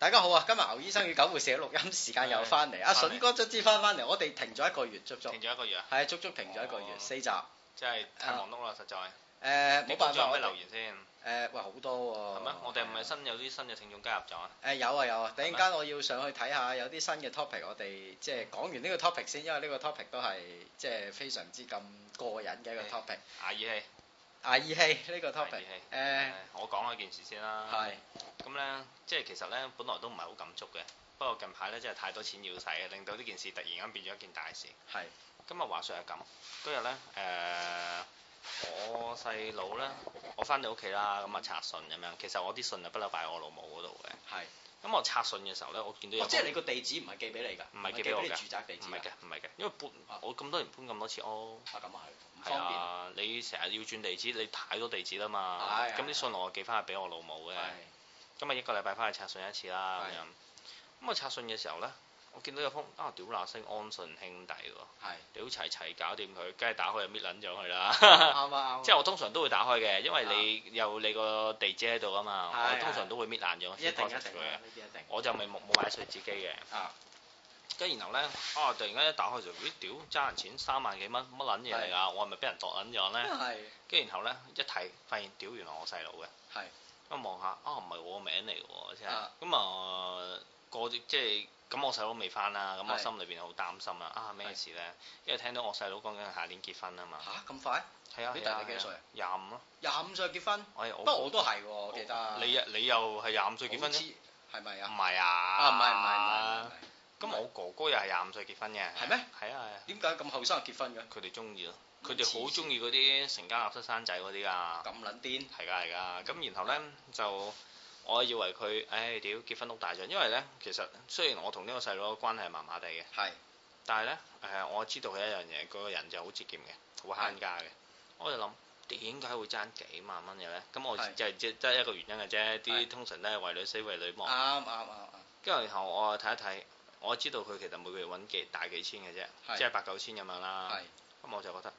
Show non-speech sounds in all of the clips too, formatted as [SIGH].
大家好啊！今日牛醫生與狗護士嘅錄音時間又翻嚟，阿筍哥卒之翻翻嚟，我哋停咗一個月，足足停咗一個月啊！係啊，足足停咗一個月，四集真係太忙碌啦，實在誒冇辦法。我哋有咩留言先？誒，哇好多喎！係咩？我哋唔係新有啲新嘅聽眾加入咗啊？誒有啊有啊！突然間我要上去睇下有啲新嘅 topic，我哋即係講完呢個 topic 先，因為呢個 topic 都係即係非常之咁過癮嘅一個 topic。捱義氣。捱義、啊、氣呢、呢個 topic，誒、啊呃，我講嗰件事先啦。係是。咁咧，即係其實咧，本來都唔係好感觸嘅。不過近排咧，真係太多錢要使，令到呢件事突然間變咗一件大事。係是。今日話説係咁，今日咧誒，我細佬咧，我翻到屋企啦，咁啊查信咁樣。其實我啲信啊，不嬲擺我老母嗰度嘅。係。咁我拆信嘅時候咧，我見到有、哦，即係你個地址唔係寄俾你㗎，唔係寄俾我嘅，住宅地址，唔係嘅，唔係嘅，因為搬，啊、我咁多年搬咁多次屋、啊，啊，咁啊，唔方便啊，你成日要轉地址，你太多地址啦嘛，咁啲、啊、信我寄翻去俾我老母嘅，咁日、啊、一個禮拜翻去拆信一次啦咁樣，咁我拆信嘅時候咧。我見到有封啊屌那聲安信兄弟喎，屌齊齊搞掂佢，梗係打開就搣撚咗佢啦，啱啱。即係我通常都會打開嘅，因為你有你個地址喺度啊嘛，我通常都會搣爛咗，一定一定我就咪冇冇買碎紙機嘅。跟住然後咧，啊突然間一打開就咦屌，揸人錢三萬幾蚊乜撚嘢嚟啊！我係咪俾人度撚咗咧？係。跟住然後咧一睇發現屌原來我細佬嘅。係。咁望下啊，唔係我個名嚟㗎喎，即係咁啊個即係。咁我細佬未翻啦，咁我心裏邊好擔心啊！啊咩事咧？因為聽到我細佬講緊下年結婚啊嘛。吓，咁快？係啊，你大你幾歲？廿五咯，廿五歲結婚。我我我都係喎，我記得。你你又係廿五歲結婚啫？係咪啊？唔係啊，唔係唔係唔係。咁我哥哥又係廿五歲結婚嘅。係咩？係啊係啊。點解咁後生就結婚嘅？佢哋中意咯，佢哋好中意嗰啲成家立室生仔嗰啲啊。咁撚癲？係㗎係㗎。咁然後咧就。我以為佢，唉，屌，結婚屋大咗，因為咧，其實雖然我同呢個細佬關係係麻麻地嘅，係是，但係咧，誒、呃，我知道佢一樣嘢，佢個人就好節儉嘅，好慳家嘅，我就諗點解會爭幾萬蚊嘅咧？咁我就係即係得一個原因嘅啫，啲通常都係為女死為女亡，啱啱啱。跟住然，然後我睇一睇，我知道佢其實每個月揾幾大幾千嘅啫，即係八九千咁樣啦。係，咁是、嗯、我就覺得，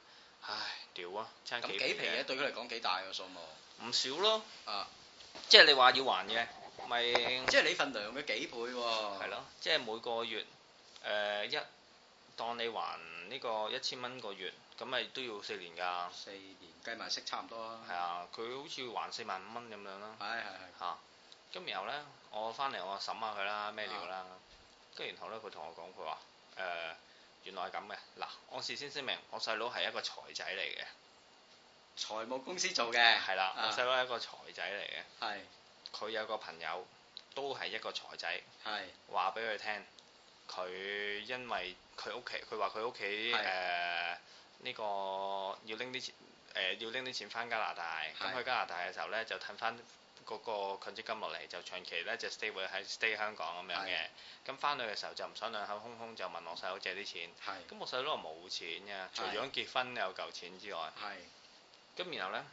唉，屌啊，爭幾皮嘢對佢嚟講幾大個數目？唔少咯，啊。Uh. 即係你話要還嘅，咪即係你份糧嘅幾倍喎，啊？係咯，即係每個月誒、呃、一當你還呢個一千蚊個月，咁咪都要四年㗎。四年計埋息差唔多啦。係、哎、啊，佢好似要還四萬五蚊咁樣啦。係係係嚇。咁然後呢，我翻嚟我審下佢啦，咩料啦？跟住、啊，然後呢，佢同我講，佢話誒，原來係咁嘅。嗱，我事先聲明，我細佬係一個財仔嚟嘅。財務公司做嘅係啦，我細佬係一個財仔嚟嘅，係佢有個朋友都係一個財仔，係話俾佢聽，佢因為佢屋企，佢話佢屋企誒呢個要拎啲錢，誒要拎啲錢翻加拿大，咁去加拿大嘅時候咧就退翻嗰個強積金落嚟，就長期咧就 stay 會喺 stay 香港咁樣嘅，咁翻去嘅時候就唔想兩口空空就問我細佬借啲錢，咁我細佬話冇錢㗎，除咗結婚有嚿錢之外，係。咁然後呢，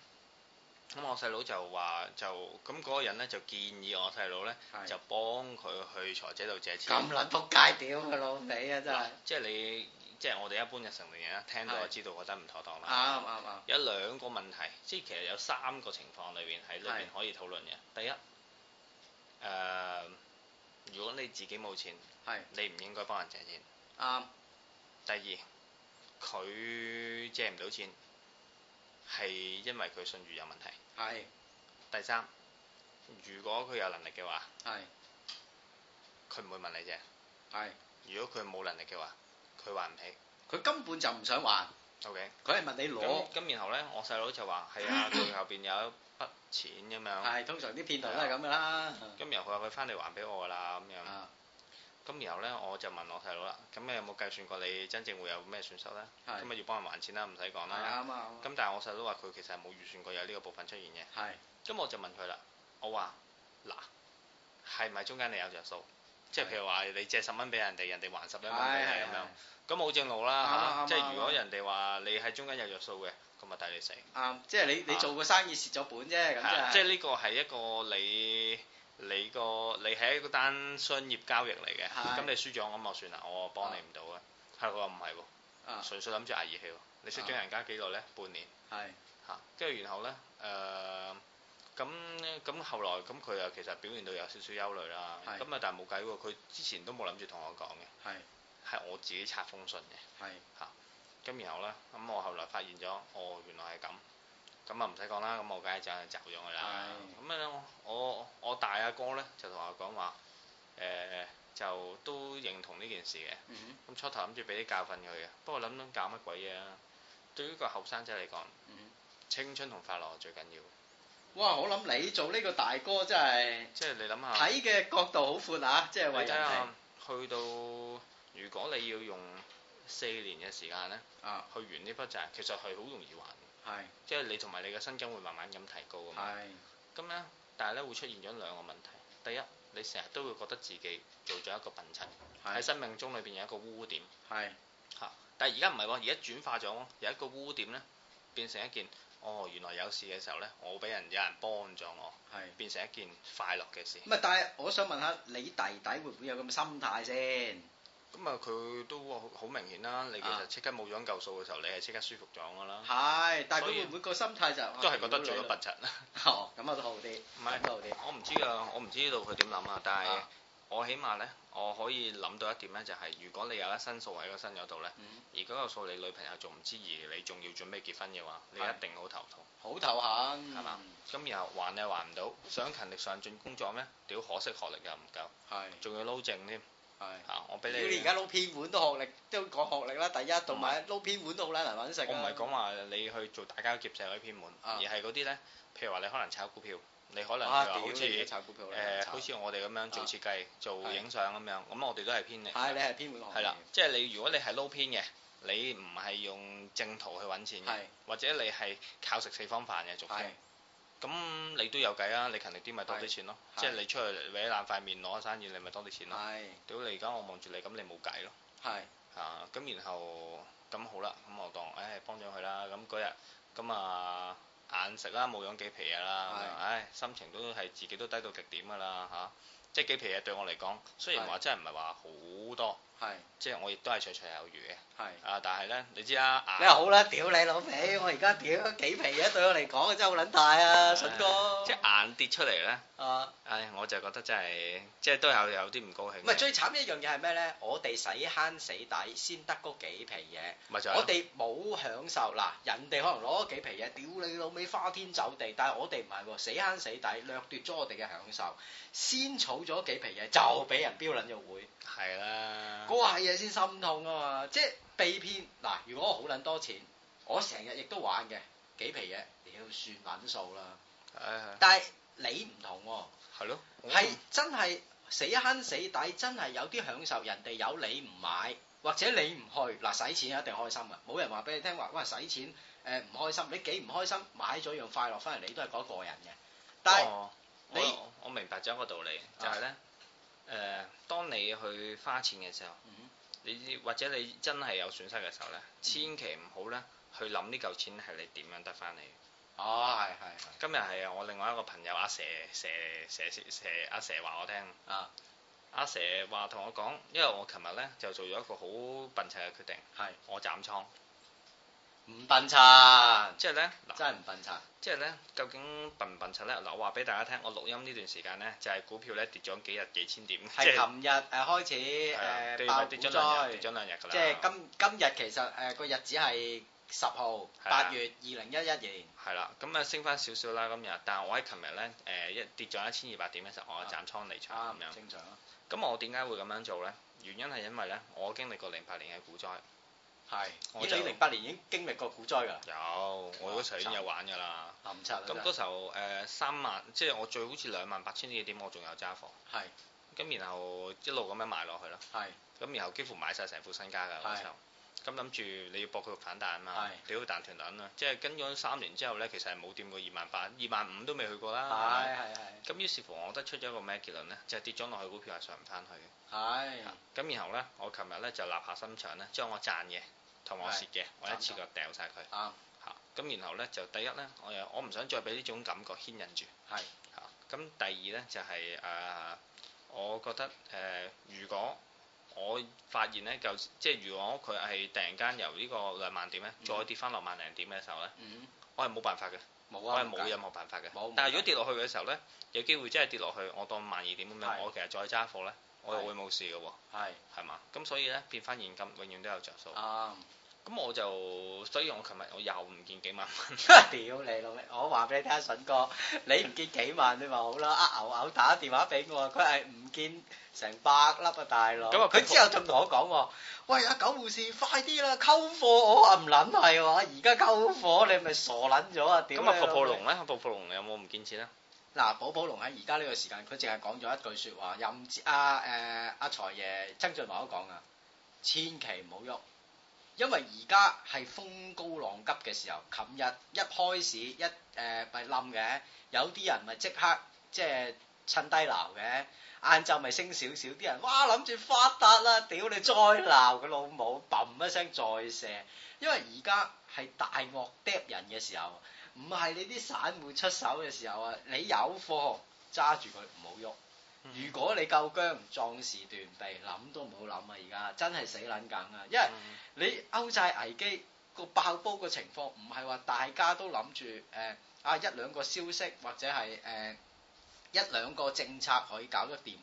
咁我細佬就話就咁嗰個人呢，就建議我細佬呢，是就幫佢去財仔度借錢。咁撚撲街屌佢老味啊！真係。即係你，即係我哋一般嘅成年人啦，聽到就知道是覺得唔妥當啦。啱啱、啊啊、有兩個問題，即係其實有三個情況裏邊喺裏邊可以討論嘅。是第一，誒、呃，如果你自己冇錢，是你唔應該幫人借錢。啱、啊。第二，佢借唔到錢。係因為佢信譽有問題。係的。第三，如果佢有能力嘅話，係的。佢唔會問你啫。係的。如果佢冇能力嘅話，佢還唔起。佢根本就唔想還。O K。佢係問你攞。咁然後咧，我細佬就話：係啊，佢後邊有一筆錢咁 [COUGHS] 樣。係，通常啲騙徒都係咁噶啦。咁然後佢話：佢翻嚟還俾我啦咁樣。啊。咁然後咧，我就問我細佬啦。咁你有冇計算過你真正會有咩損失咧？咁啊要幫人還錢啦，唔使講啦。咁但係我細佬話佢其實係冇預算過有呢個部分出現嘅。咁我就問佢啦，我話嗱，係咪中間你有着數？即係譬如話你借十蚊俾人哋，人哋還十零蚊俾你咁樣。咁好正路啦嚇，即係如果人哋話你喺中間有着數嘅，咁咪抵你死。啱，即係你你做個生意蝕咗本啫，咁即係呢個係一個你。你個你係一個單商業交易嚟嘅，咁是你輸咗，咁我算啦，我幫你唔到嘅。係佢話唔係喎，啊、純粹諗住壓熱氣喎。你輸咗人家幾耐呢？半年。係是。嚇、啊！跟住然後呢，誒、呃，咁咁後來咁佢又其實表現到有少少憂慮啦。咁啊是，但係冇計喎，佢之前都冇諗住同我講嘅。係是。係我自己拆封信嘅。係是。嚇、啊！咁然後呢，咁我後來發現咗，哦，原來係咁。咁啊唔使講啦，咁我梗係就係走咗佢啦。咁啊是的，我大我大阿哥咧就同我講話，誒、呃、就都認同呢件事嘅。咁、嗯、哼初頭諗住俾啲教訓佢嘅，不過諗諗搞乜鬼嘢啊？對於個後生仔嚟講，嗯、哼青春同快樂最緊要。哇！我諗你做呢個大哥真係，即係你諗下睇嘅角度好闊啊！即係為人，去到如果你要用四年嘅時間咧，嗯、去完呢筆債，其實係好容易還。係，是即係你同埋你嘅薪金會慢慢咁提高啊嘛。係是。咁咧，但係咧會出現咗兩個問題。第一，你成日都會覺得自己做咗一個笨柒，喺是生命中裏邊有一個污點。係是。嚇！但係而家唔係喎，而家轉化咗喎，有一個污點咧變成一件，哦，原來有事嘅時候咧，我俾人有人幫助我，是變成一件快樂嘅事。咁啊，但係我想問下你弟弟會唔會有咁嘅心態先？咁啊，佢都好明顯啦。你其實即刻冇咗嚿數嘅時候，你係即刻舒服咗噶啦。係，但係佢會唔會個心態就是、都係覺得做咗笨柒？ [LAUGHS] 哦，咁啊都好啲，唔係都好啲。我唔知啊，我唔知道佢點諗啊。但係我起碼咧，我可以諗到一點咧、就是，就係如果你有一身數喺個身嗰度咧，嗯、而嗰個數你女朋友仲唔知，而你仲要準備結婚嘅話，你一定好頭痛，的嗯、好頭痕，係嘛？咁然後還又還唔到，想勤力上進工作咩？屌，可惜學歷又唔夠，係的，仲要撈正添。係啊！我俾你。你而家撈偏門都學歷，都講學歷啦。第一，同埋撈偏門都好難揾食。我唔係講話你去做打家劫舍嗰啲偏門，而係嗰啲咧，譬如話你可能炒股票，你可能譬如話好似誒，好似我哋咁樣做設計、做影相咁樣，咁我哋都係偏。係你係偏門學歷。係啦，即係你如果你係撈偏嘅，你唔係用正途去揾錢嘅，或者你係靠食四方飯嘅做咁你都有計啊！你勤力啲咪多啲錢咯，是即係你出去搲爛塊面攞生意，你咪多啲錢咯。屌你而家我望住你，咁你冇計咯。係是啊，咁然後咁好啦，咁我當誒幫咗佢啦。咁嗰日咁啊眼食啦，冇養幾皮嘢啦，唉，那那、啊、是唉心情都係自己都低到極點㗎啦嚇。即係幾皮嘢對我嚟講，雖然話真係唔係話好多。係，即係我亦都係綽綽有餘嘅。係，啊但係咧，你知啊，眼好啦，屌你老味，我而家屌幾皮嘢對我嚟講真係好撚大啊，信哥。即係硬跌出嚟咧。啊，唉，我就覺得真係，即係都有有啲唔高興。唔係最慘一樣嘢係咩咧？我哋使慳死底先得嗰幾皮嘢，咪就係我哋冇享受嗱。人哋可能攞咗幾皮嘢，屌你老味花天酒地，但係我哋唔係喎，死慳死底掠奪咗我哋嘅享受，先儲咗幾皮嘢就俾人標撚咗會。係啦。嗰下嘢先心痛啊嘛！即係被騙嗱，如果我好撚多錢，我成日亦都玩嘅幾皮嘢，你要算撚數啦。係的但係你唔同喎、啊。係咯的。係真係死慳死抵，真係有啲享受。人哋有你唔買，或者你唔去嗱，使錢一定開心啊。冇人話俾你聽話，哇！使錢誒唔、呃、開心，你幾唔開心買咗樣快樂翻嚟，你都係嗰個人嘅。但係、哦、你我明白咗一個道理，就係、是、咧。啊。誒、呃，當你去花錢嘅時候，嗯、你或者你真係有損失嘅時候呢，千祈唔好呢去諗呢嚿錢係你點樣得返嚟。哦，係係。今日係啊，我另外一個朋友阿蛇蛇蛇阿蛇話我聽。啊。阿蛇話同、啊、我講、啊啊，因為我琴日呢就做咗一個好笨柒嘅決定。係，我斬倉。唔笨柒，即係咧，真係唔笨柒。即係咧，究竟笨唔笨柒咧？嗱，我話俾大家聽，我錄音呢段時間咧，就係、是、股票咧跌咗幾日幾千點。係琴日誒開始誒、啊啊，跌咗兩日，跌咗兩日㗎啦。即係今今日其實誒個、呃、日子係十號，八、啊、月二零一一年。係啦、啊，咁啊升翻少少啦，今日。但係我喺琴日咧誒一跌咗一千二百點咧，就是、我斬倉離場咁樣。啊啊、正常啊。咁我點解會咁樣做咧？原因係因為咧，我經歷過零八年嘅股災。係，我就零八年已經經歷過股災噶。有，我嗰時已經有玩噶啦。咁嗰時候誒三萬，即係我最好似兩萬八千幾點，我仲有揸貨。係。咁然後一路咁樣買落去咯。係。咁然後幾乎買晒成副身家㗎嗰時候。係。咁諗住你要搏佢反彈嘛？係。屌彈斷斷啦，即係跟咗三年之後咧，其實係冇掂過二萬八，二萬五都未去過啦。係係係。咁於是乎我覺得出咗一個咩結論咧？就係跌咗落去股票係上唔翻去嘅。係。咁然後咧，我琴日咧就立下心腸咧，將我賺嘅。同我蝕嘅，我一次過掉晒佢嚇。咁然後咧就第一咧，我又我唔想再俾呢種感覺牽引住。係嚇。咁第二咧就係誒，我覺得誒，如果我發現咧就即係如果佢係突然間由呢個兩萬點咧，再跌翻落萬零點嘅時候咧，我係冇辦法嘅，我係冇任何辦法嘅。冇。但係如果跌落去嘅時候咧，有機會真係跌落去，我當萬二點咁樣，我其實再揸貨咧，我又會冇事嘅喎。係係嘛？咁所以咧變翻現金，永遠都有着數。啊。咁我就，所以我琴日我又唔見幾萬，屌 [LAUGHS] 你老味！我話俾你聽啊，筍哥，你唔見幾萬你話好啦，阿牛牛打電話俾我，佢係唔見成百粒啊，大佬！佢之後仲同我講喎，喂阿狗護士，快啲啦，溝貨，我啊唔撚係喎，而家溝貨你咪傻撚咗啊！咁啊，寶寶龍咧，寶寶龍有冇唔見錢啊？嗱，寶寶龍喺而家呢個時間，佢淨係講咗一句説話，又唔知阿誒阿財爺曾俊華都講啊，千祈唔好喐。因為而家係風高浪急嘅時候，琴日一開市一誒咪冧嘅，有啲人咪即刻即係趁低撈嘅，晏晝咪升少少，啲人哇諗住發達啦，屌你再鬧個老母，砰一聲再射，因為而家係大鱷釘人嘅時候，唔係你啲散戶出手嘅時候啊，你有貨揸住佢唔好喐。如果你夠僵、壯士斷臂，諗都唔好諗啊！而家真係死撚梗啊！因為你歐債危機個爆煲個情況，唔係話大家都諗住誒啊一兩個消息或者係誒、呃、一兩個政策可以搞得掂，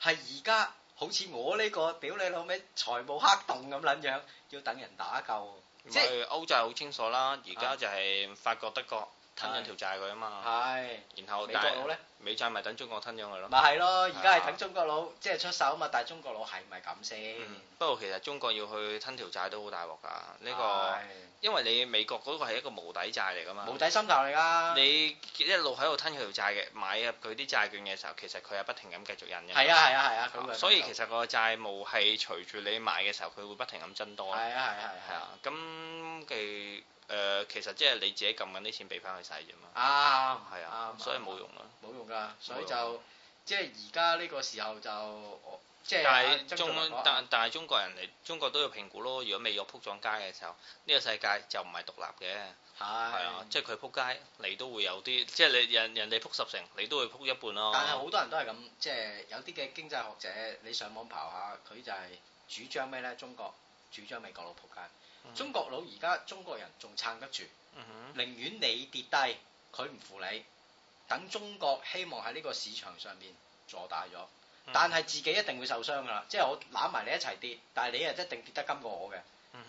係而家好似我呢個屌你老味財務黑洞咁撚樣，要等人打救。即係歐債好清楚啦，而家即就係法國、德國。吞咗條債佢啊嘛，係，然後美國佬咧，美債咪等中國吞咗佢咯，咪係咯，而家係等中國佬即係出手啊嘛，但係中國佬係咪咁先？不過其實中國要去吞條債都好大鑊噶，呢個，因為你美國嗰個係一個無底債嚟噶嘛，無底深潭嚟噶，你一路喺度吞佢條債嘅，買入佢啲債券嘅時候，其實佢係不停咁繼續印嘅，係啊係啊係啊，咁所以其實個債務係隨住你買嘅時候，佢會不停咁增多啊，係啊係係啊，咁嘅。誒、呃，其實即係你自己撳緊啲錢俾翻佢使啫嘛，啱，係啊，啊啊所以冇用啊。冇用㗎，所以就即係而家呢個時候就即係中但，但但係中國人嚟，中國都要評估咯。如果美國撲撞街嘅時候，呢、這個世界就唔係獨立嘅，係啊，啊嗯、即係佢撲街，你都會有啲，即係你人人哋撲十成，你都會撲一半咯。但係好多人都係咁，即係有啲嘅經濟學者，你上網刨下，佢就係主張咩咧？中國主張美國佬撲街。中國佬而家中國人仲撐得住，嗯、哼寧願你跌低，佢唔扶你。等中國希望喺呢個市場上面坐大咗，嗯、哼但係自己一定會受傷㗎啦。即係我攬埋你一齊跌，但係你又一定跌得今過我嘅。咁、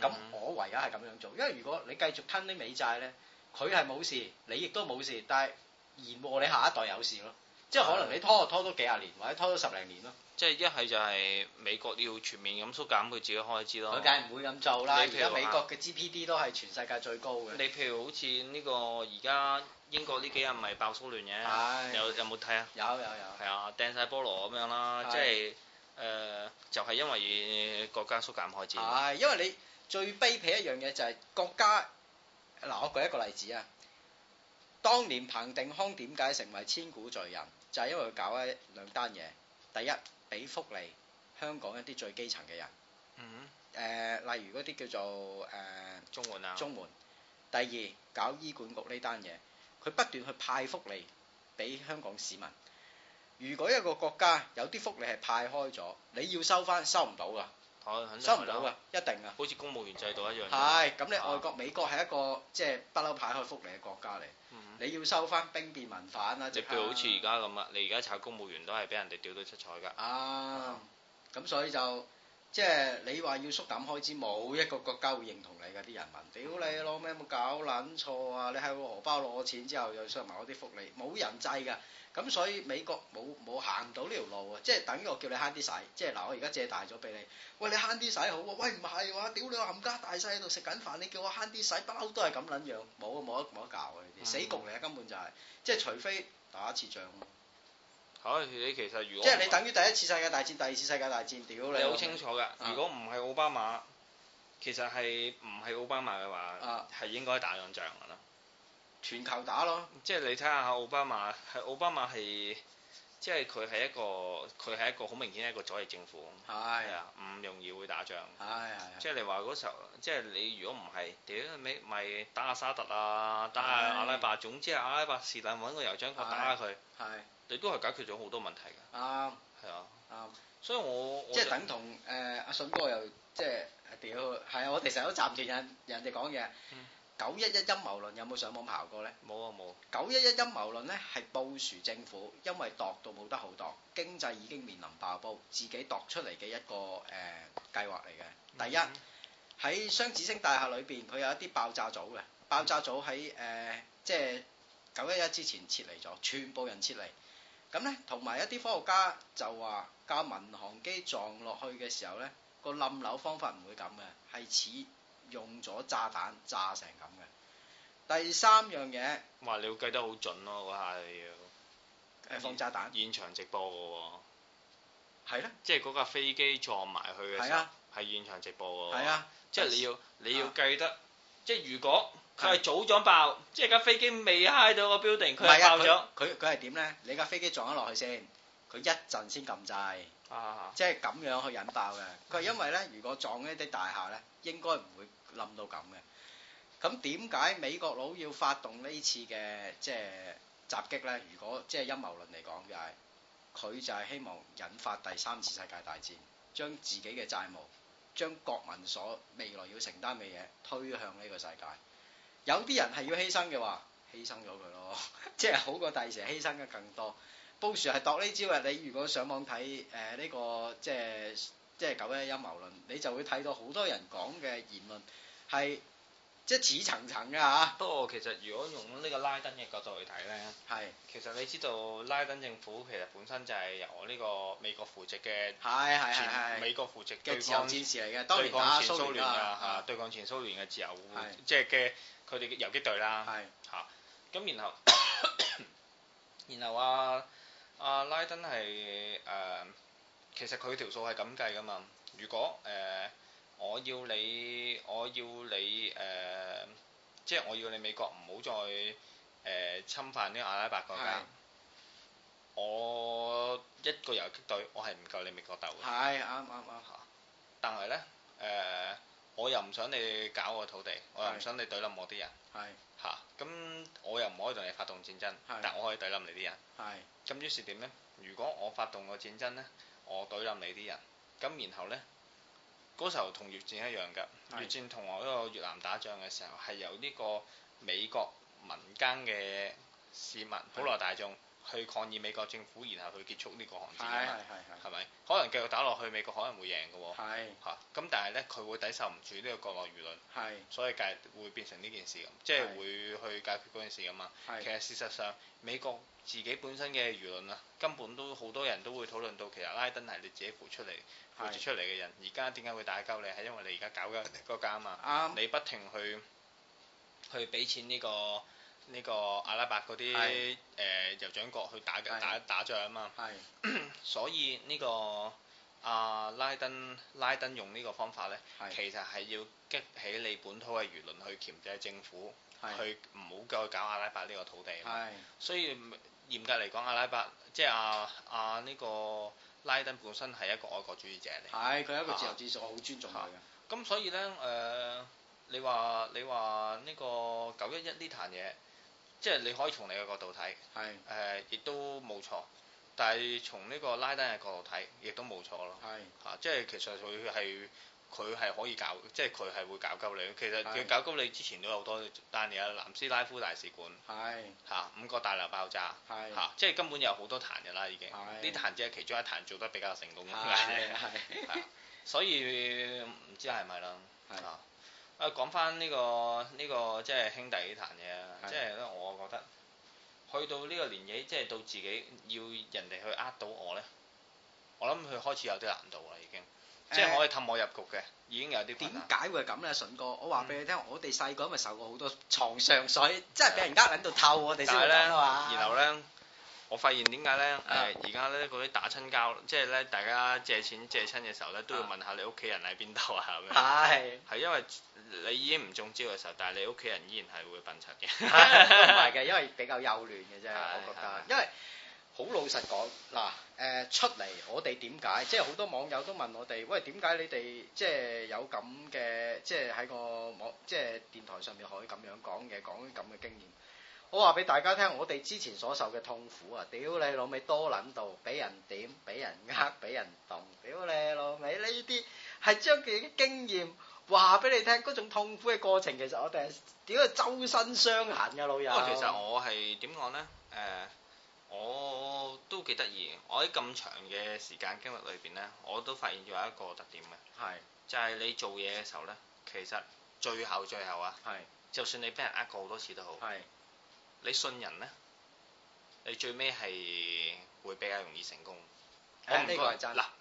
嗯、哼我唯有係咁樣做，因為如果你繼續吞啲美債呢，佢係冇事，你亦都冇事，但係延禍你下一代有事咯。即係可能你拖就拖多幾十年，或者拖多十零年咯。即係一係就係美國要全面咁縮減佢自己開支咯，佢梗唔會咁做啦你。而家美國嘅 GPD 都係全世界最高嘅、啊。你譬如好似呢個而家英國呢幾日唔係爆騷亂嘅，有有冇睇啊？有有有，係啊，掟晒菠蘿咁樣啦，是即係誒、呃，就係、是、因為國家縮減開支、嗯。係因為你最卑鄙一樣嘢就係國家嗱，我舉一個例子啊。當年彭定康點解成為千古罪人，就係、是、因為佢搞一兩單嘢。第一，俾福利香港一啲最基層嘅人。嗯、呃。例如嗰啲叫做誒。呃、中門啊。中門。第二，搞醫管局呢單嘢，佢不斷去派福利俾香港市民。如果一個國家有啲福利係派開咗，你要收返，收唔到㗎。收唔到㗎，一定啊！好似公務員制度一樣。係，咁你外國、啊、美國係一個即係不嬲派開福利嘅國家嚟，嗯嗯，你要收翻兵變民反啊！即係，即好似而家咁啊！你而家炒公務員都係俾人哋屌到七彩㗎。啊，咁所以就。即係你話要縮減開支，冇一個國家會認同你㗎啲人民，屌你咯咩，冇搞撚錯啊！你喺個荷包攞咗錢之後，又上埋嗰啲福利，冇人制㗎。咁所以美國冇冇行到呢條路啊？即係等於我叫你慳啲使，即係嗱，我而家借大咗俾你。喂，你慳啲使好啊！喂唔係話，屌你個冚家大細喺度食緊飯，你叫我慳啲使，不嬲都係咁撚樣，冇冇冇得教啊！啲，死局嚟啊！根本就係、是，即係除非打一次仗。啊、你其實如果即係你等於第一次世界大戰、第二次世界大戰，屌你好清楚㗎。如果唔係奧巴馬，其實係唔係奧巴馬嘅話，係、啊、應該打兩仗㗎啦。全球打咯。即係你睇下，奧巴馬係奧巴馬係，即係佢係一個佢係一個好明顯一個左翼政府，係、啊、唔容易會打仗。係、嗯、即係你話嗰時候，即係你如果唔係屌你咪打下沙特啊，打下是阿拉伯，總之阿拉伯是但揾個油井佢打下佢。係。你都係解決咗好多問題㗎。啱，係啊，啱。Um, 所以我，我即係等同誒、uh, 阿信哥又即係屌，係啊、嗯、啊！我哋成日都攢住人人哋講嘢。九一一陰謀論有冇上網刨過呢？冇啊冇。九一一陰謀論呢係布殊政府，因為度到冇得好度，經濟已經面臨爆煲，自己度出嚟嘅一個誒、呃、計劃嚟嘅。第一喺、嗯、雙子星大廈裏邊，佢有一啲爆炸組嘅爆炸組喺誒即係九一一之前撤離咗，全部人撤離。咁咧，同埋一啲科學家就話，架民航機撞落去嘅時候咧，個冧樓方法唔會咁嘅，係似用咗炸彈炸成咁嘅。第三樣嘢，哇！你要計得好準咯、啊，嗰下你要誒放炸彈，現場直播嘅喎。係咧、啊，即係嗰架飛機撞埋去嘅時候，係、啊、現場直播嘅喎。係啊，即係你要你要計得，啊、即係如果。佢係早咗爆，即係架飛機未 high 到個 building，佢係爆咗。佢佢係點咧？你架飛機撞咗落去先，佢一陣先撳掣，啊啊、即係咁樣去引爆嘅。佢係因為呢，嗯、如果撞一啲大廈呢，應該唔會冧到咁嘅。咁點解美國佬要發動次呢次嘅即係襲擊咧？如果即係陰謀論嚟講，就係、是、佢就係希望引發第三次世界大戰，將自己嘅債務、將國民所未來要承擔嘅嘢推向呢個世界。有啲人係要犧牲嘅話，犧牲咗佢咯， [LAUGHS] 即係好過第二時犧牲嘅更多。布殊係度呢招啊！你如果上網睇誒呢個，即係即係九一一陰謀論，你就會睇到好多人講嘅言論係。即係層層嘅嚇、啊，不過其實如果用呢個拉登嘅角度去睇咧，係是其實你知道拉登政府其實本身就係由我呢個美國扶植嘅，係係係美國扶植嘅自由戰士嚟嘅，當年打蘇聯啊，對抗前蘇聯嘅自由，即係嘅佢哋嘅游擊隊啦，嚇咁是、啊、然後 [COUGHS] 然後啊啊拉登係誒、啊、其實佢條數係咁計噶嘛，如果誒。啊我要你，我要你，誒、呃，即係我要你美國唔好再、呃、侵犯啲阿拉伯國家。是我一個遊擊隊，我係唔夠你美國鬥嘅。係是，啱啱啱但係呢，誒、呃，我又唔想你搞我土地，我又唔想你懟冧我啲人。係是。嚇、啊，咁我又唔可以同你發動戰爭，是但我可以懟冧你啲人。係是。咁於是點呢？如果我發動個戰爭呢，我懟冧你啲人，咁然後呢？嗰時候同越戰一樣㗎，的越戰同我喺個越南打仗嘅時候係由呢個美國民間嘅市民，的普羅大眾。去抗議美國政府，然後去結束呢個行徑啊！係咪？可能繼續打落去，美國可能會贏嘅喎。係是是、嗯。咁但係呢，佢會抵受唔住呢個國內輿論。係。是是 所以解會變成呢件事咁，即係會去解決嗰件事㗎嘛。是是其實事實上，美國自己本身嘅輿論啊，根本都好多人都會討論到，其實拉登係你自己扶出嚟、扶持出嚟嘅人。而家點解會打交你？係因為你而家搞嘅嗰個家啊嘛。嗯、你不停去，去俾錢呢、這個。呢個阿拉伯嗰啲誒酋長國去打是的 打打仗啊嘛是的，係， [COUGHS] 所以呢、這個阿、啊、拉登拉登用呢個方法咧，是的 其實係要激起你本土嘅輿論去鉗制政府，是的 去唔好再搞阿拉伯呢個土地，係，所以嚴格嚟講，阿拉伯即係阿阿呢個拉登本身係一個愛國主義者嚟，係，佢係一個自由自主，我好尊重下嘅，咁、啊、所以咧誒、呃，你話你話呢、這個九一一呢壇嘢。即係你可以從你嘅角度睇，係誒是，亦、呃、都冇錯。但係從呢個拉登嘅角度睇，亦都冇錯咯。係嚇是、啊，即係其實佢係佢係可以搞，即係佢係會搞鳩你。其實佢搞鳩你之前都有好多單嘅，南斯拉夫大使館，係嚇是、啊、五個大樓爆炸，係嚇是、啊，即係根本有好多彈嘅啦。已經呢彈是只係其中一彈做得比較成功。係啊係， [LAUGHS] [LAUGHS] 所以唔知係咪啦。係啊是。啊，講翻呢個呢、這個即係兄弟啲嘢啊！的即係咧，我覺得去到呢個年紀，即係到自己要人哋去呃到我咧，我諗佢開始有啲難度啦，已經，呃、即係可以氹我入局嘅，已經有啲點解會咁咧？順哥，我話俾你聽，嗯、我哋細個咪受過好多床上水，即係俾人呃緊到、嗯、透我哋先咁啊嘛。我發現點解咧？誒而家咧嗰啲打親交，即係咧大家借錢借親嘅時候咧，都要問下你屋企人喺邊度啊咁樣。係、哎。係因為你已經唔中招嘅時候，但係你屋企人依然係會笨柒嘅。唔係嘅，因為比較幼嫩嘅啫，哎、我覺得。哎、因為好、哎、老實講，嗱誒、呃、出嚟，我哋點解？即係好多網友都問我哋，喂點解你哋即係有咁嘅，即係喺個網，即係電台上面可以咁樣講嘢，講啲咁嘅經驗。我話俾大家聽，我哋之前所受嘅痛苦啊！屌你老味多撚到，俾人點，俾人呃，俾人動，屌你老味呢啲係將佢嘅經驗話俾你聽嗰種痛苦嘅過程。其實我哋係屌佢周身傷痕嘅老友。其實我係點講呢？誒、呃，我都幾得意。我喺咁長嘅時間經歷裏邊呢，我都發現咗一個特點嘅，係是就係你做嘢嘅時候呢，其實最後最後啊，係是就算你俾人呃過好多次都好。是你信人呢？你最尾係會比較容易成功。我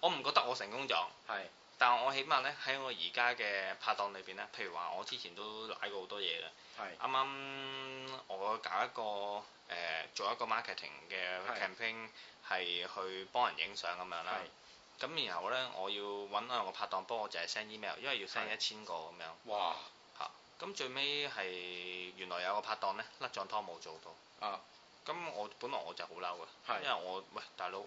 唔覺得我成功咗。係是，但我起碼呢，喺我而家嘅拍檔裏邊呢，譬如話我之前都拉過好多嘢嘅。係是。啱啱我搞一個誒、呃、做一個 marketing 嘅 campaign，係是去幫人影相咁樣啦。係是。咁然後呢，我要揾我個拍檔幫我淨係 send email，因為要 send 一千個咁樣。是哇！咁最尾係原來有個拍檔咧，甩咗拖冇做到。啊！咁我本來我就好嬲嘅，因為我喂大佬誒，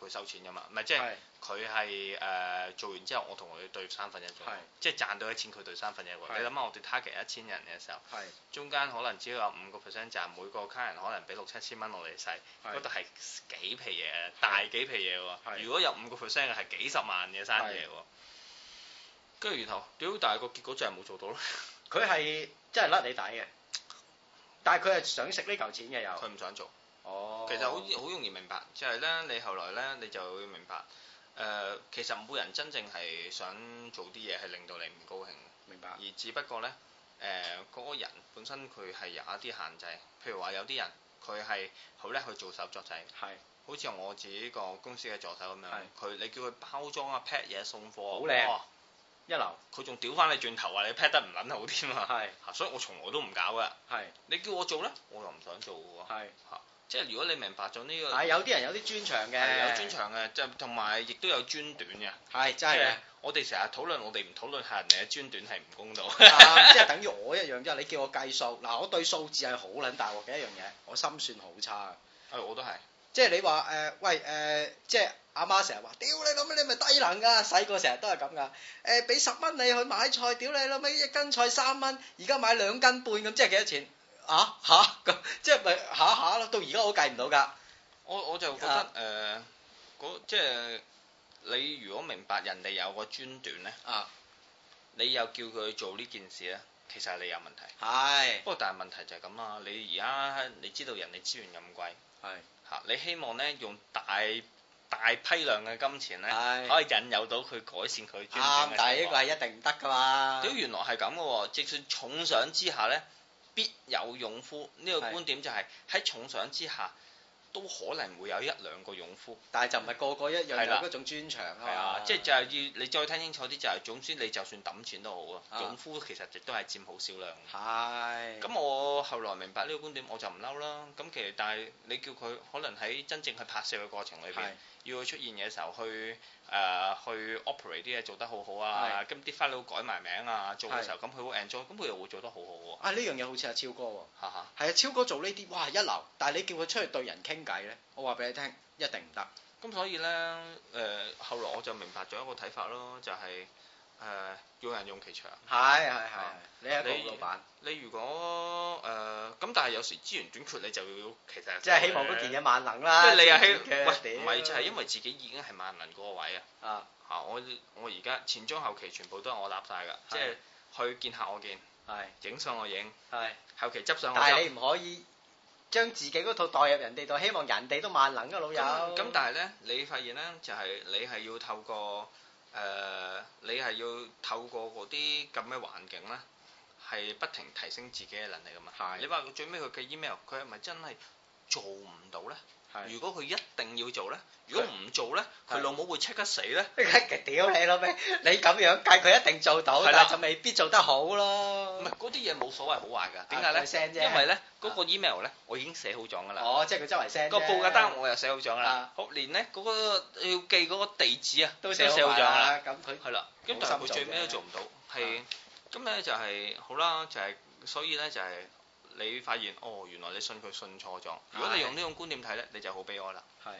佢收錢噶嘛，唔係即係佢係誒做完之後，我同佢對三分嘢做，即係賺到嘅錢佢對三分嘢。你諗下，我對 target 一千人嘅時候，中間可能只要有五個 percent 賺，每個卡人可能俾六七千蚊落嚟使，嗰度係幾皮嘢，大幾皮嘢喎。如果有五個 percent 係幾十萬嘅生意喎，跟住然後屌，但係個結果就係冇做到咯。佢係真係甩你底嘅，但係佢係想食呢嚿錢嘅又。佢唔想做。哦。其實好好容易明白，即係咧，你後來咧，你就會明白，誒，其實冇人真正係想做啲嘢係令到你唔高興。明白。而只不過咧，誒，嗰個人本身佢係有一啲限制，譬如話有啲人佢係好叻去做手作仔。係。好似我自己個公司嘅助手咁樣，佢你叫佢包裝啊 pack 嘢送貨。好靚。一流，佢仲屌翻你轉頭話你 pat 得唔捻好添嘛。係，所以我從來都唔搞噶。係，你叫我做咧，我又唔想做嘅。係，吓，即係如果你明白咗呢個，係有啲人有啲專長嘅，有專長嘅，就同埋亦都有專短嘅。係，真係嘅。我哋成日討論，我哋唔討論係人哋嘅專短，係唔公道。即係等於我一樣啫。你叫我計數，嗱，我對數字係好捻大鑊嘅一樣嘢，我心算好差。係，我都係。即係你話誒，喂，誒，即係。阿媽成日話，屌你老味你咪低能噶！細個成日都係咁噶。誒，俾十蚊你去買菜，屌你老味，一斤菜三蚊，而家買兩斤半咁，即係幾多錢？嚇嚇咁，即係咪下下？咯、啊啊？到而家我都計唔到噶。我我就覺得誒、啊呃，即係你如果明白人哋有個專斷咧，啊，你又叫佢做呢件事咧，其實係你有問題。係是。不過但係問題就係咁啊！你而家你知道人力資源咁貴，係嚇是、啊，你希望咧用大？大批量嘅金錢咧，可以引誘到佢改善佢專長，但係呢個係一定得噶嘛？屌，原來係咁嘅喎？就算重賞之下咧，必有勇夫。呢個觀點就係喺重賞之下都可能會有一兩個勇夫，但係就唔係個個一樣有嗰種專長啊。係啊，即係就係要你再聽清楚啲，就係總之你就算揼錢都好啊，勇夫其實亦都係佔好少量嘅。係。咁我後來明白呢個觀點，我就唔嬲啦。咁其實但係你叫佢可能喺真正去拍攝嘅過程裏邊。要佢出現嘅時候去誒、呃、去 operate 啲嘢做得好好啊，咁啲 file 改埋名啊，做嘅時候咁佢會 enjoy，咁佢又會做得好、啊啊、好喎。啊呢樣嘢好似阿超哥喎，係啊超哥做呢啲哇一流，但係你叫佢出去對人傾偈咧，我話俾你聽一定唔得。咁、嗯、所以咧誒、呃、後來我就明白咗一個睇法咯，就係、是。誒用人用其長，係係係，你一個老闆，你如果誒咁，但係有時資源短缺，你就要其實即係希望嗰件嘢萬能啦，即係你又希喂唔係就係因為自己已經係萬能嗰個位啊啊！我我而家前中後期全部都係我搭晒㗎，即係去見客我見，係影相我影，係後期執相。但係你唔可以將自己嗰套代入人哋度，希望人哋都萬能嘅老友。咁但係咧，你發現咧，就係你係要透過。誒，uh，你係要透過嗰啲咁嘅環境咧，係不停提升自己嘅能力噶嘛？係是的 你話佢最尾佢嘅 email，佢係咪真係做唔到咧？如果佢一定要做咧，如果唔做咧，佢老母會即刻死咧。屌你老味，你咁樣計佢一定做到。係啦，就未必做得好咯。唔係嗰啲嘢冇所謂好壞噶，點解咧？因為咧，嗰個 email 咧，我已經寫好咗噶啦。哦，即係佢周圍 send。個報價單我又寫好咗噶啦。好連咧嗰個要寄嗰個地址啊，都寫好咗啦。咁佢係啦，咁但係佢最尾都做唔到，係咁咧就係好啦，就係所以咧就係。你發現哦，原來你信佢信錯咗。如果你用呢種觀點睇呢，你就好悲哀啦。係。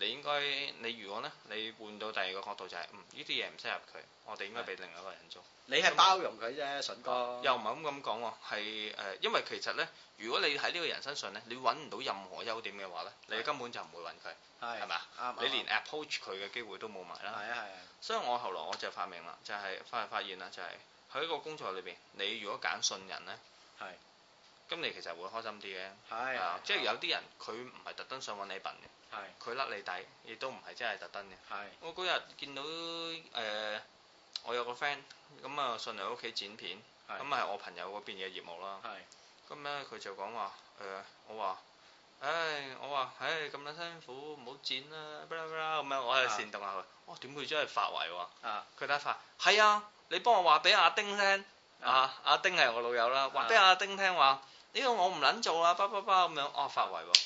你應該，你如果呢，你換到第二個角度就係，嗯，呢啲嘢唔適合佢，我哋應該俾另外一個人做。你係包容佢啫，順哥。又唔係咁咁講喎，係誒，因為其實呢，如果你喺呢個人身上呢，你揾唔到任何優點嘅話呢，你根本就唔會揾佢，係咪啊？你連 approach 佢嘅機會都冇埋啦。係啊係。所以我後來我就發明啦，就係發發現啦，就係喺個工作裏邊，你如果揀信人呢。係。咁你其實會開心啲嘅，係對啊，啊，即、就、係、是、有啲人佢唔係特登想揾你笨嘅，係佢的甩你底，亦都唔係真係特登嘅。係的我嗰日見到誒、呃，我有個 friend 咁啊，順嚟屋企剪片，咁係的、嗯、我朋友嗰邊嘅業務啦。係咁咧，佢就講話誒，我話，唉，我話，唉，咁撚辛苦，唔好剪啦哏啦，哏啦，哏啦，巴拉巴拉咁樣，我係煽動下佢。哇、哦，點會真係發圍喎？啊，佢得發。係啊，你幫我話俾阿丁聽，啊，阿、啊啊啊、丁係我老友啦，話俾阿丁聽話。啊啊啊呢個、欸、我唔撚做啊，包包包咁樣哦，發圍喎。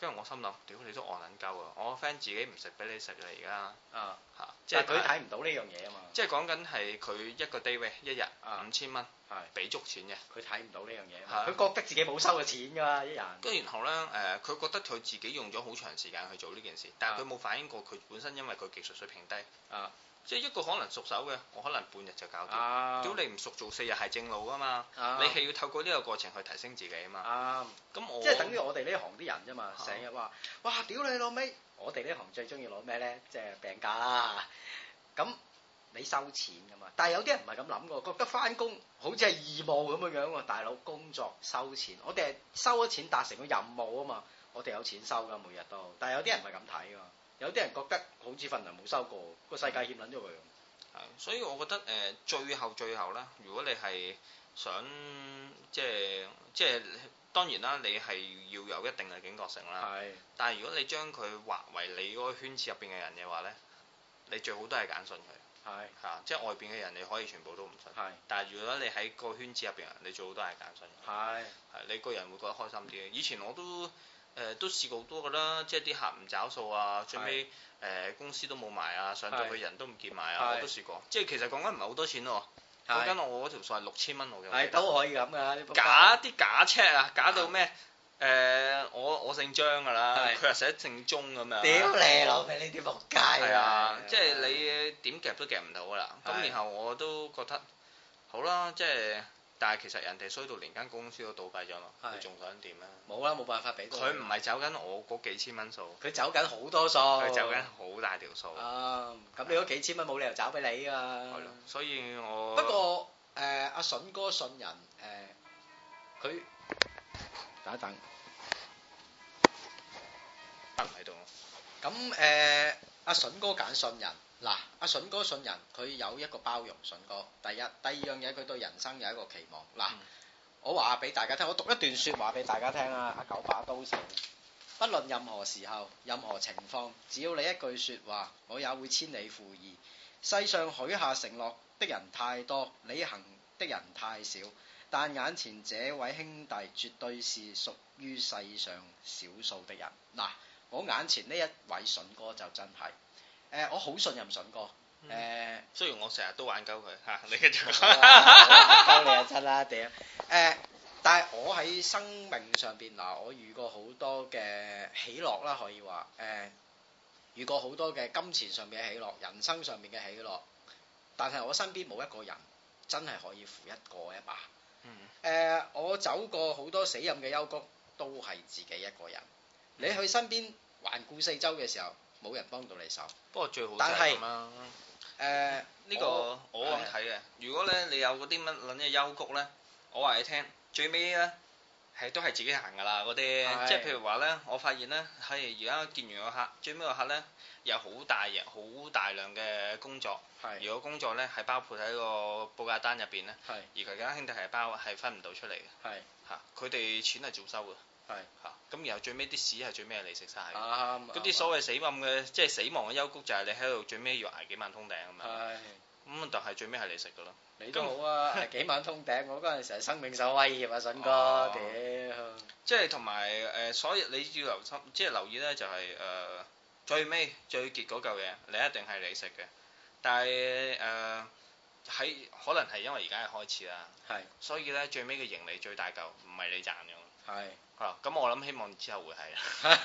跟住我心諗，屌你都餓撚鳩啊！我個 friend 自己唔食，俾你食啦而家。啊，嚇！哎怪怪啊啊、即係佢睇唔到呢樣嘢啊嘛。即係講緊係佢一個 day w a 一日五千蚊係俾足錢嘅，佢睇唔到呢樣嘢。佢、啊、覺得自己冇收嘅錢㗎一日，跟住然後呢，誒、啊，佢覺得佢自己用咗好長時間去做呢件事，但係佢冇反應過，佢本身因為佢技術水平低啊。即係一個可能熟手嘅，我可能半日就搞掂。屌、um, 你唔熟做四日係正路噶嘛，um, 你係要透過呢個過程去提升自己啊嘛。咁、um, 我即係等於我哋呢行啲人啫嘛，成日話哇，屌你老味。我哋呢行最中意攞咩咧？即、就、係、是、病假啦。咁、啊、你收錢噶嘛？但係有啲人唔係咁諗噶，覺得翻工好似係義務咁樣樣喎。大佬工作收錢，我哋係收咗錢達成個任務啊嘛。我哋有錢收噶，每日都。但係有啲人唔係咁睇噶。有啲人覺得好似份糧冇收過，個世界欠撚咗佢。所以我覺得誒、呃，最後最後咧，如果你係想即係即係當然啦，你係要有一定嘅警覺性啦。是但係如果你將佢劃為你嗰個圈子入邊嘅人嘅話呢，你最好都係揀信佢。係是。嚇！即係外邊嘅人你可以全部都唔信。是但係如果你喺個圈子入邊，你最好都係揀信。係是。係，你個人會覺得開心啲。以前我都。誒、呃，都試過好多噶啦，即係啲客唔找數啊，是最尾誒、呃、公司都冇埋啊，上到去人都唔見埋啊，是我都試過。即係其實講緊唔係好多錢咯、啊，講緊是我嗰條數係六千蚊我嘅。係都可以咁噶，假啲假 cheque 啊，假到咩？誒、呃，我我姓張噶啦，佢又寫成鐘咁樣。屌你老味，呢啲仆街啊！即係的你點夾都夾唔到噶啦。咁的然後我都覺得好啦，即係。但係其實人哋衰到連間公司都倒閉咗咯，你仲想點啊？冇啦，冇辦法俾佢。佢唔係走緊我嗰幾千蚊數，佢走緊好多數，佢走緊好大條數。啊，咁你嗰幾千蚊冇理由走俾你㗎。係咯，所以我不過誒阿筍哥信人誒，佢等一等，得唔喺度，咁誒阿筍哥揀信人，嗱，阿筍、啊、哥信人，佢有一個包容，筍哥。第一、第二樣嘢，佢對人生有一個期望。嗱，嗯、我話俾大家聽，我讀一段說話俾大家聽啊！阿九把刀，不論任何時候、任何情況，只要你一句說話，我也會千里赴義，世上許下承諾的人太多，履行的人太少，但眼前這位兄弟絕對是屬於世上少數的人。嗱，我眼前呢一位筍哥就真係。誒、呃，我好信任信哥。誒、呃，雖然我成日都玩鳩佢吓，你繼續你啊，真啦，屌！誒，但係我喺生命上邊嗱、呃，我遇過好多嘅喜樂啦，可以話，誒、呃，遇過好多嘅金錢上面嘅喜樂，人生上面嘅喜樂。但係我身邊冇一個人真係可以扶一個一把。誒、嗯呃，我走過好多死蔭嘅幽谷，都係自己一個人。你去身邊環顧四周嘅時候。冇人幫到你手，不過最好但係咁啦。誒，呢個我咁睇嘅，如果咧你有嗰啲乜撚嘢憂谷咧，我話你聽，最尾咧係都係自己行噶啦嗰啲，即係譬如話咧，我發現咧，係而家見完個客，最尾個客咧有好大型、好大量嘅工作，如果工作咧係包括喺個報價單入邊咧，而其他兄弟係包係分唔到出嚟嘅，嚇佢哋錢係照收嘅。係嚇，咁然後最尾啲屎係最尾係你食晒。嗰啲所謂死亡嘅即係死亡嘅幽谷就係你喺度最尾要捱幾萬通頂啊嘛，咁但係最尾係你食噶咯，你都好啊，幾萬通頂，我嗰陣時係生命受威脅啊，順哥屌！即係同埋誒，所以你要留心，即係留意呢，就係誒最尾，最結嗰嚿嘢，你一定係你食嘅，但係誒喺可能係因為而家係開始啦，所以呢，最尾嘅盈利最大嚿唔係你賺嘅，係。咁我諗希望之後會係，啊！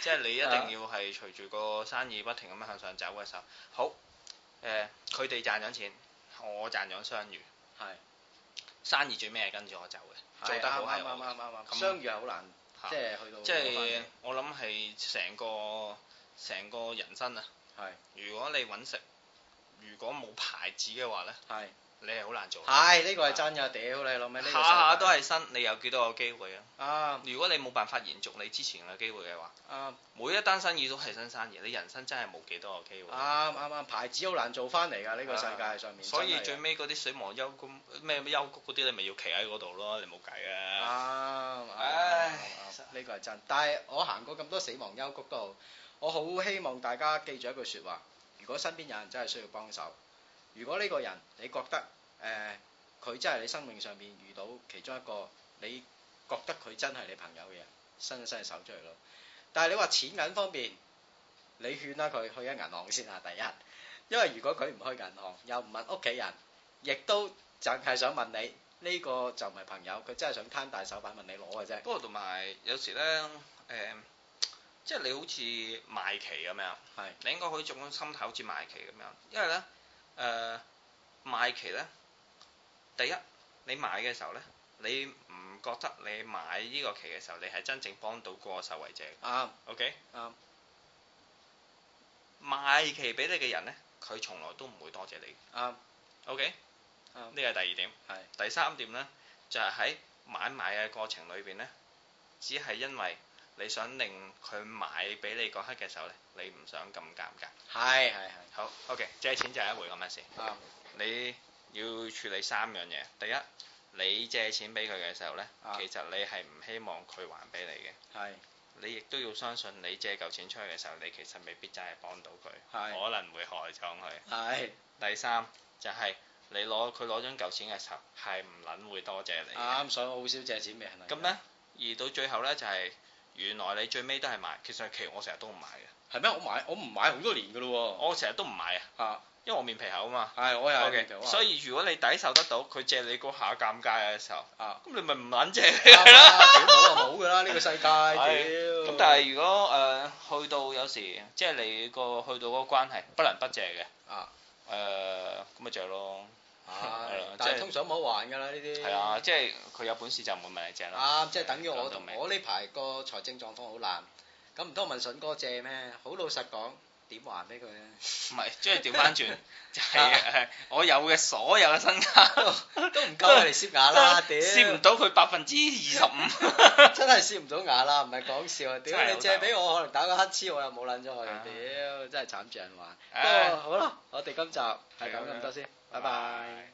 即係你一定要係隨住個生意不停咁樣向上走嘅時候，好佢哋賺咗錢，我賺咗相遇。係生意最尾係跟住我走嘅，做得好係我，相遇好難，即係去到，即係我諗係成個成個人生啊！係，如果你揾食，如果冇牌子嘅話呢。係。你係好難做，係呢個係真噶。屌 [MUSIC] 你老味，下下都係新，你有幾多個機會啊？啊！如果你冇辦法延續你之前嘅機會嘅話，啊！每一單生意都係新生意，你人生真係冇幾多個機會。啱啱啱，牌子好難做翻嚟㗎，呢、啊、個世界上面。所以、啊、最尾嗰啲死亡幽谷咩咩幽谷嗰啲，你咪要企喺嗰度咯，你冇計啊！啱、啊，啊、唉，呢、呃這個係真。但係我行過咁多死亡幽谷度，我好希望大家記住一句説話：如果身邊有人真係需要幫手，如果呢個人你覺得，誒，佢、呃、真係你生命上邊遇到其中一個你覺得佢真係你朋友嘅人，伸一伸、一伸一手出去咯。但係你話錢銀方面，你勸啦，佢去一銀行先啊。第一，因為如果佢唔去銀行，又唔問屋企人，亦都就係想問你呢、這個就唔係朋友，佢真係想攤大手板問你攞嘅啫。不過同埋有時咧，誒、呃，即係你好似賣旗咁樣，係是你應該可以做個心態，好似賣旗咁樣，因為咧誒、呃、賣旗咧。第一，你買嘅時候咧，你唔覺得你買呢個旗嘅時候，你係真正幫到嗰個受惠者？啱，OK，啱。賣旗俾你嘅人咧，佢從來都唔會多謝你。啱，OK，啱。呢個係第二點。係。第三點咧，就係喺買賣嘅過程裏邊咧，只係因為你想令佢買俾你嗰刻嘅時候咧，你唔想咁尷尬。係係係。好，OK，借錢就係一回噉樣先。啱，你。要處理三樣嘢。第一，你借錢俾佢嘅時候呢，啊、其實你係唔希望佢還俾你嘅。係是。你亦都要相信，你借嚿錢出去嘅時候，你其實未必真係幫到佢，是可能會害咗佢。係是。第三就係、是、你攞佢攞咗嚿錢嘅時候，係唔撚會多謝你，啱、啊，所以我好少借錢嘅。咁在呢，而到最後呢，就係、是。原來你最尾都係買，其實期我成日都唔買嘅。係咩？我買，我唔買好多年嘅咯喎。我成日都唔買啊，啊因為我面皮厚啊嘛。係、哎，我有。Okay, 面皮厚。所以如果你抵受得到，佢借你嗰下尷尬嘅時候，啊，咁你咪唔撚借係啦，冇、啊、就冇嘅啦，呢 [LAUGHS] 個世界。咁 [LAUGHS] 但係如果誒、呃、去到有時，即、就、係、是、你個去到嗰個關係不能不借嘅，啊誒咁咪借咯。係，但係通常都唔好還㗎啦呢啲。係啊，即係佢有本事就唔會問你借啦。啊，是即係等於我，同對我呢排個財政狀況好難，咁唔通問順哥借咩？好老實講。點還俾佢咧？唔係，即係調翻轉，就係、是就是、 [LAUGHS] 我有嘅所有嘅身家 [LAUGHS] 都唔夠佢哋蝕牙啦！屌，蝕唔到佢百分之二十五，真係蝕唔到牙啦！唔係講笑，屌你借俾我，可能打個黑黐我又冇捻咗佢，屌 [LAUGHS] [LAUGHS] 真係慘住人還。 [LAUGHS] [LAUGHS] 不過好啦，我哋今集係講咁多先，拜拜。